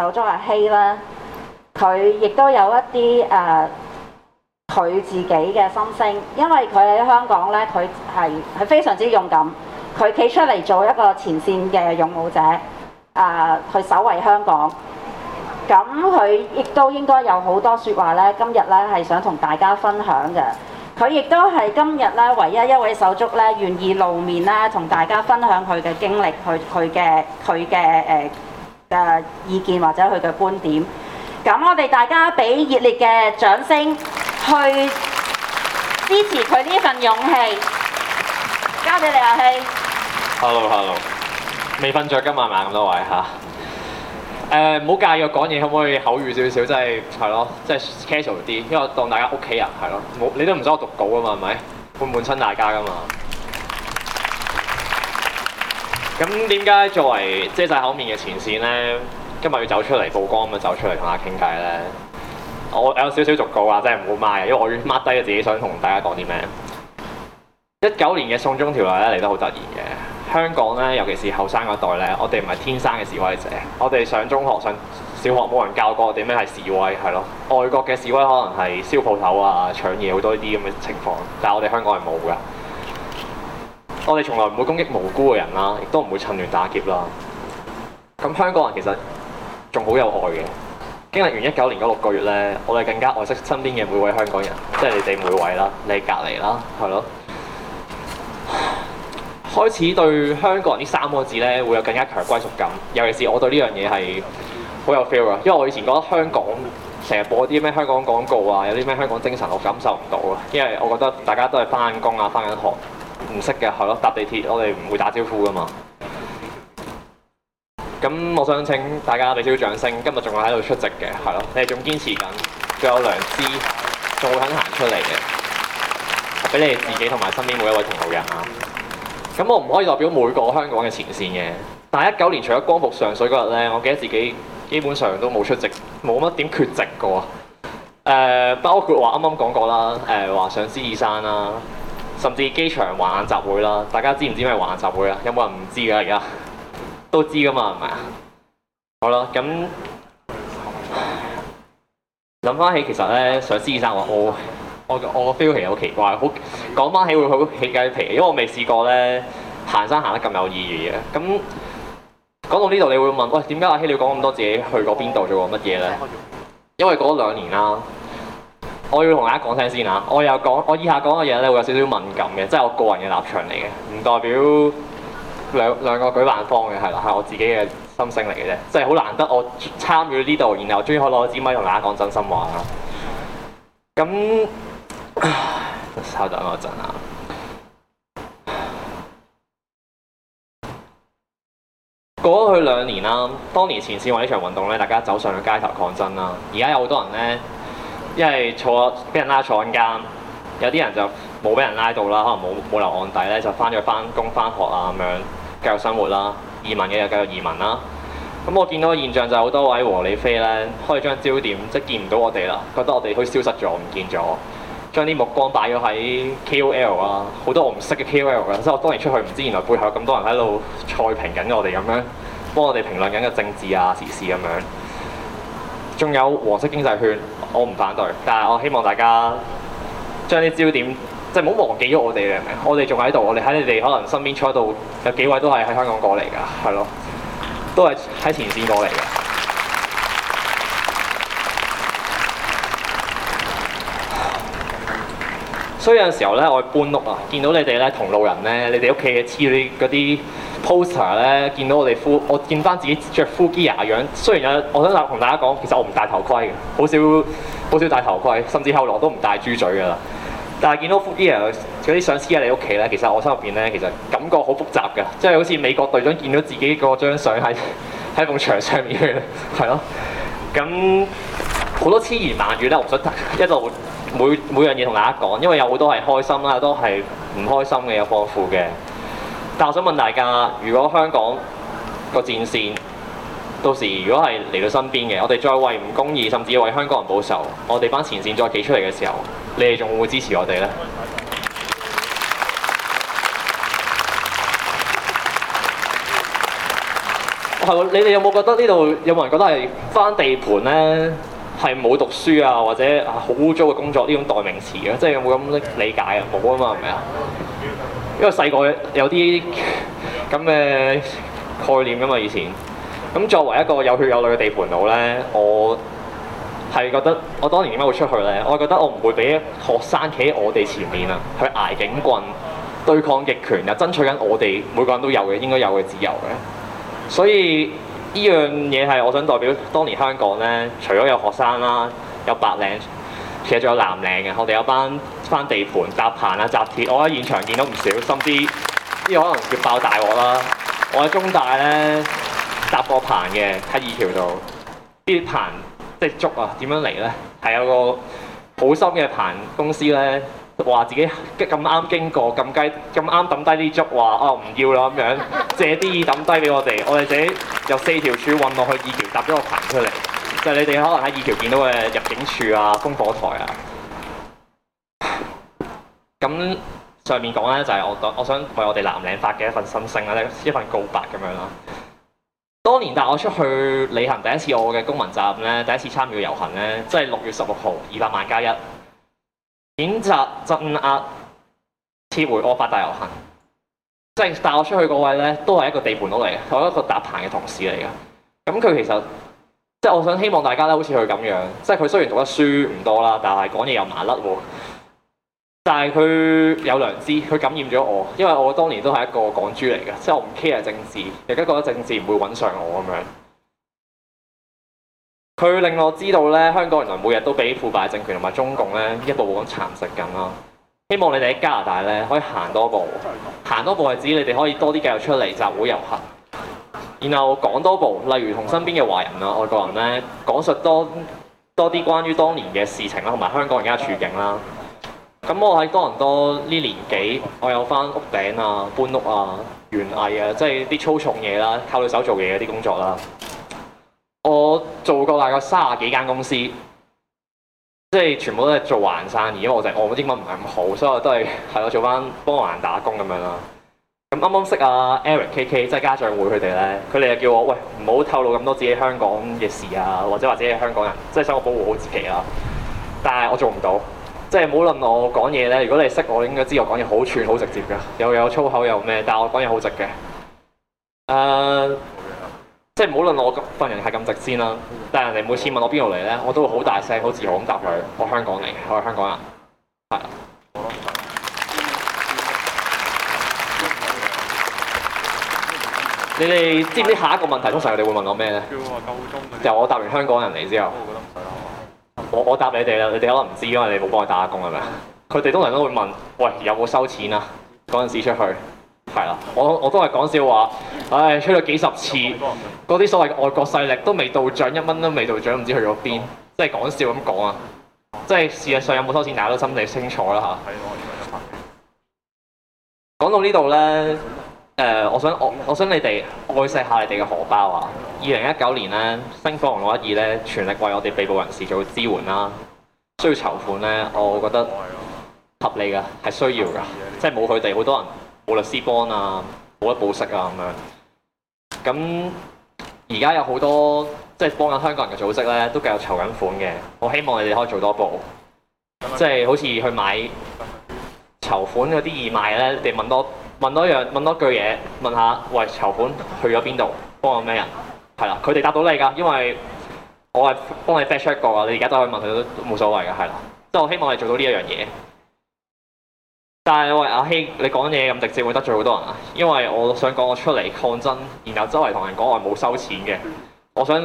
手足阿希啦，佢亦都有一啲誒佢自己嘅心聲，因為佢喺香港咧，佢係係非常之勇敢，佢企出嚟做一個前綫嘅勇武者，啊、呃，去守衛香港。咁佢亦都應該有好多說話咧，今日咧係想同大家分享嘅。佢亦都係今日咧唯一一位手足咧願意露面咧同大家分享佢嘅經歷，佢佢嘅佢嘅誒。嘅意見或者佢嘅觀點，咁我哋大家俾熱烈嘅掌聲去支持佢呢份勇氣。交俾你阿希。Hello，Hello，未瞓着噶嘛？晚安咁多位吓？誒、啊，唔、呃、好介意我講嘢，可唔可以口語少少？即係係咯，即係 casual 啲，因為我當大家屋、okay、企人係咯，冇你都唔使我讀稿噶嘛？係咪？悶唔悶親大家噶嘛？咁點解作為遮晒口面嘅前線呢？今日要走出嚟曝光咁啊？走出嚟同阿傾偈呢。我有少少俗告啊，真係唔好賣，因為我要 mark 低自己想同大家講啲咩。一九年嘅送中條例咧嚟得好突然嘅，香港呢，尤其是後生嗰代呢，我哋唔係天生嘅示威者，我哋上中學上小學冇人教過我哋咩係示威，係咯，外國嘅示威可能係燒鋪頭啊、搶嘢，好多呢啲咁嘅情況，但係我哋香港係冇㗎。我哋從來唔會攻擊無辜嘅人啦，亦都唔會趁亂打劫啦。咁香港人其實仲好有愛嘅。經歷完一九年嗰六個月呢，我哋更加愛惜身邊嘅每位香港人，即係你哋每位啦，你隔離啦，係咯。開始對香港人呢三個字呢會有更加強歸屬感。尤其是我對呢樣嘢係好有 feel 㗎，因為我以前覺得香港成日播啲咩香港廣告啊，有啲咩香港精神，我感受唔到啊。因為我覺得大家都係翻工啊，翻緊學。唔識嘅係咯，搭地鐵我哋唔會打招呼噶嘛。咁我想請大家俾少少掌聲，今日仲會喺度出席嘅，係咯，你哋仲堅持緊仲有良知，仲會肯行出嚟嘅，俾你哋自己同埋身邊每一位同路人啊。咁我唔可以代表每個香港嘅前線嘅，但係一九年除咗光復上水嗰日呢，我記得自己基本上都冇出席，冇乜點缺席過。啊、呃。包括話啱啱講過啦，誒、呃、話上獅子山啦、啊。甚至機場橫行集會啦，大家知唔知咩橫行集會啊？有冇人唔知㗎？而家都知㗎嘛，係咪啊？好啦，咁諗翻起其實咧，想司生話我，我個我 feel 其實好奇怪，好講翻起會好起雞皮，因為我未試過咧行山行得咁有意義嘅。咁講到呢度，你會問喂，點解阿希你講咁多自己去過邊度做過乜嘢咧？因為嗰兩年啦。我要同大家講聲先嚇，我又講，我以下講嘅嘢咧會有少少敏感嘅，即係我個人嘅立場嚟嘅，唔代表兩兩個舉辦方嘅，係啦，係我自己嘅心聲嚟嘅啫，即係好難得我參與呢度，然後我終於可以攞支咪同大家講真心話咯。咁，稍等我一陣啊。過咗去兩年啦，當年前線為呢場運動咧，大家走上咗街頭抗爭啦，而家有好多人咧。因為坐俾人拉坐緊監，有啲人就冇俾人拉到啦，可能冇冇留案底咧，就翻咗翻工、翻學啊咁樣繼續生活啦。移民嘅又繼續移民啦。咁我見到嘅現象就好多位和理非咧，開張焦點即係見唔到我哋啦，覺得我哋好似消失咗、唔見咗，將啲目光擺咗喺 KOL 啊，好多我唔識嘅 KOL 啊，即係我當然出去唔知原來背後有咁多人喺度賽評緊我哋咁樣，幫我哋評論緊嘅政治啊時事咁樣。仲有黃色經濟圈，我唔反對，但係我希望大家將啲焦點即係唔好忘記咗我哋，明唔明？我哋仲喺度，我哋喺你哋可能身邊坐喺度，有幾位都係喺香港過嚟㗎，係咯，都係喺前線過嚟嘅。 所以有陣時候咧，我去搬屋啊，見到你哋咧同路人咧，你哋屋企嘅黐住啲 poster 咧見到我哋夫，我見翻自己着 full gear 嘅樣。雖然有，我想同大家講，其實我唔戴頭盔嘅，好少好少戴頭盔，甚至後來都唔戴豬嘴嘅啦。但係見到 full gear 嗰啲相黐喺你屋企咧，其實我心入邊咧，其實感覺好複雜嘅，即係好似美國隊長見到自己個張相喺喺棟牆上面嘅，係咯。咁好多千言萬語咧，我唔想一路每每樣嘢同大家講，因為有好多係開心啦，都係唔開心嘅，有豐富嘅。但我想問大家，如果香港個戰線到時如果係嚟到身邊嘅，我哋再為唔公義，甚至為香港人報仇，我哋班前線再企出嚟嘅時候，你哋仲會唔會支持我哋呢？係 你哋有冇覺得呢度有冇人覺得係返地盤呢？係冇讀書啊，或者啊好污糟嘅工作呢種代名詞嘅、啊，即、就、係、是、有冇咁理解啊？冇啊嘛，係咪啊？因為細個有啲咁嘅概念㗎嘛，以前咁作為一個有血有淚嘅地盤佬呢，我係覺得我當年點解會出去呢？我覺得我唔會俾學生企喺我哋前面啊，去挨警棍、對抗極權啊，爭取緊我哋每個人都有嘅應該有嘅自由嘅。所以呢樣嘢係我想代表當年香港呢，除咗有學生啦，有白領。其實仲有藍領嘅，我哋有班翻地盤搭棚啊、紮鐵。我喺現場見到唔少，甚至啲可能要爆大鑊啦。我喺中大咧搭個棚嘅喺二橋度，啲棚即係竹啊，點樣嚟咧？係有個好心嘅棚公司咧，話自己咁啱經過，咁雞咁啱抌低啲竹，話啊唔要啦咁樣，借啲嘢抌低俾我哋，我哋自己由四條柱運落去二橋搭咗個棚出嚟。就係你哋可能喺二橋見到嘅入境處啊、烽火台啊。咁寒冷涼上面講咧，就係、是、我我想為我哋藍領發嘅一份心聲啦，一份告白咁樣啦。當年帶我出去履行第一次，我嘅公民責任咧，第一次參與遊行咧，即係六月十六號，二百萬加一，譴責鎮壓撤回惡法大遊行。即係帶、就是、我出去嗰位咧，都係一個地盤佬嚟嘅，我一個搭棚嘅同事嚟嘅。咁佢其實即係我想希望大家咧，好似佢咁樣，即係佢雖然讀得書唔多啦，但係講嘢又麻甩、啊，但係佢有良知，佢感染咗我，因為我當年都係一個港豬嚟嘅，即係我唔 care 政治，亦都覺得政治唔會揾上我咁樣。佢令我知道咧，香港原來每日都俾腐敗政權同埋中共咧一步步咁蠶食緊啦。希望你哋喺加拿大咧可以行多步，行多步係指你哋可以多啲繼續出嚟集會遊行。然後講多部，例如同身邊嘅華人啊、外國人咧講述多多啲關於當年嘅事情啦，同埋香港而家嘅處境啦。咁我喺多倫多呢年紀，我有翻屋頂啊、搬屋啊、園藝啊，即係啲粗重嘢啦，靠對手做嘢嗰啲工作啦。我做過大概三十幾間公司，即係全部都係做華人生意。因為我就係、是、我英文唔係咁好，所以我都係係我做翻幫華人打工咁樣啦。咁啱啱識阿 Eric KK，即係家長會佢哋咧，佢哋又叫我喂唔好透露咁多自己香港嘅事啊，或者或者係香港人，即係想我保護好自己啊。但係我做唔到，即係無論我講嘢咧，如果你識我，我應該知我講嘢好串好直接噶，又有,有粗口又咩，但係我講嘢好直嘅。誒，即係唔好論我份人係咁直先啦，但係人哋每次問我邊度嚟咧，我都會好大聲、好自豪咁答佢：我香港嚟，我係香港人。你哋知唔知下一個問題通常佢哋會問我咩呢？叫我，就我答完香港人嚟之後，我我，我答你哋啦，你哋可能唔知，因為你冇幫我打工係咪？佢哋 通常都會問：喂，有冇收錢啊？嗰陣時出去，係啦，我我都係講笑話，唉、哎，出咗幾十次，嗰啲所謂嘅外國勢力都未到賬，一蚊都未到賬，唔知去咗邊，即係講笑咁講啊！即係事實上有冇收錢，大家都心裡清楚啦嚇。係我依個一百。講到呢度呢。誒、uh，我想我我想你哋愛惜下你哋嘅荷包啊！二零一九年咧，星火六一二咧，全力為我哋被捕人士做支援啦、啊。需要籌款咧，我覺得合理嘅係需要㗎、啊啊，即係冇佢哋好多人冇律師幫啊，冇得保釋啊咁樣。咁而家有好多即係幫緊香港人嘅組織咧，都繼續籌緊款嘅。我希望你哋可以做多步，即係、嗯、好似去買籌款嗰啲義賣咧，你問多。問多樣，問多句嘢，問下喂，籌款去咗邊度？幫緊咩人？係啦，佢哋答到你㗎，因為我係幫你 fetch 出一個啊，你而家都可以問佢都冇所謂㗎，係啦。即係我希望你做到呢一樣嘢。但係喂，阿希，你講嘢咁直接會得罪好多人啊，因為我想講我出嚟抗爭，然後周圍同人講我冇收錢嘅，我想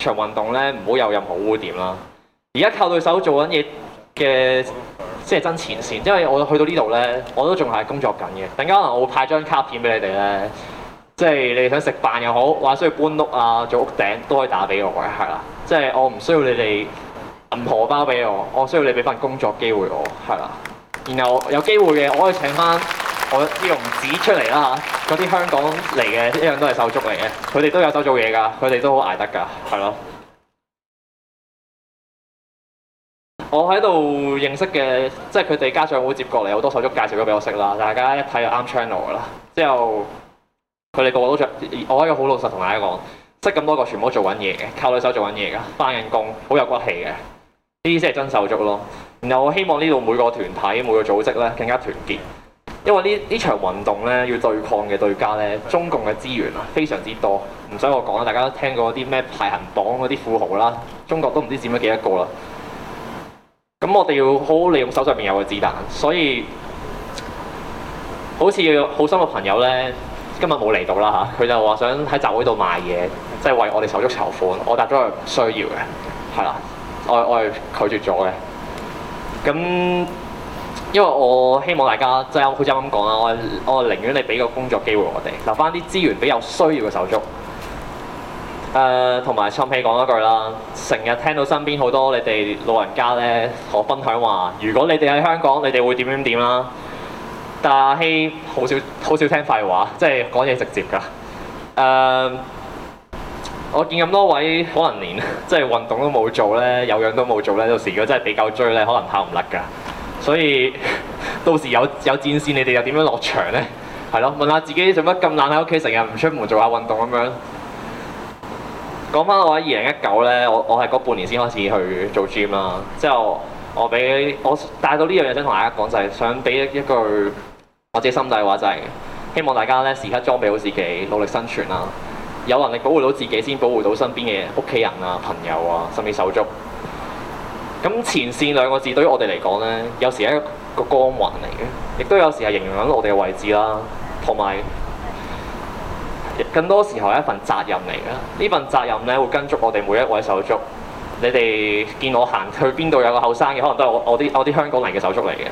場運動咧唔好有任何污點啦。而家靠對手做緊嘢嘅。即係真前線，因為我去到呢度呢，我都仲係工作緊嘅。等間可能我會派張卡片俾你哋咧，即係你想食飯又好，或者需要搬屋啊、做屋頂，都可以打俾我嘅，係啦。即係我唔需要你哋銀荷包俾我，我需要你俾份工作機會我，係啦。然後有機會嘅，我可以請翻我呢個唔子出嚟啦，嗰啲香港嚟嘅一樣都係手足嚟嘅，佢哋都有手做嘢㗎，佢哋都好捱得㗎，係咯。我喺度認識嘅，即係佢哋家長會接過嚟，好多手足介紹咗俾我識啦。大家一睇就啱 channel 噶啦。之後佢哋個個都着。我喺度好老實同大家講，識咁多個全部都做緊嘢嘅，靠女手做緊嘢噶，翻緊工，好有骨氣嘅。呢啲先係真手足咯。然後我希望呢度每個團體、每個組織咧更加團結，因為呢呢場運動咧要對抗嘅對家咧，中共嘅資源啊非常之多，唔使我講啦。大家都聽過啲咩排行榜嗰啲富豪啦，中國都唔知佔咗幾多個啦。咁我哋要好好利用手上面有個子彈，所以好似有好心嘅朋友呢，今日冇嚟到啦吓，佢、啊、就話想喺集會度賣嘢，即、就、係、是、為我哋手足籌款，我但係都係唔需要嘅。係啦，我我係拒絕咗嘅。咁因為我希望大家即係好似啱啱咁講啦，我我寧願你俾個工作機會我哋，留翻啲資源俾有需要嘅手足。誒同埋趁起講一句啦，成日聽到身邊好多你哋老人家咧，可分享話：如果你哋喺香港，你哋會點點點啦。但阿希好少好少聽廢話，即係講嘢直接噶。誒、uh，我見咁多位可能連即係運動都冇做咧，有樣都冇做咧，到時如果真係俾狗追咧，可能跑唔甩噶。所以到時有有戰線，你哋又點樣落場咧？係咯，問下自己做乜咁懶喺屋企，成日唔出門做下運動咁樣。講翻我喺二零一九咧，我我係嗰半年先開始去做 gym 啦。之後我俾我，我帶到呢樣嘢，想同大家講就係想俾一，一句或者心底話，就係希望大家咧，時刻裝備好自己，努力生存啦。有能力保護到自己，先保護到身邊嘅屋企人啊、朋友啊，甚至手足。咁前線兩個字對於我哋嚟講咧，有時係一個光環嚟嘅，亦都有時係形容緊我哋嘅位置啦，同埋，更多時候係一份責任嚟嘅，呢份責任咧會跟蹤我哋每一位手足。你哋見我行去邊度有個後生嘅，可能都係我我啲我啲香港嚟嘅手足嚟嘅。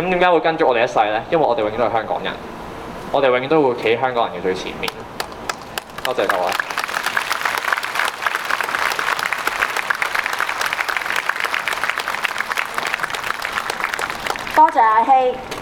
咁點解會跟蹤我哋一世呢？因為我哋永遠都係香港人，我哋永遠都會企喺香港人嘅最前面。多謝各位，多謝阿、啊、希。Hey.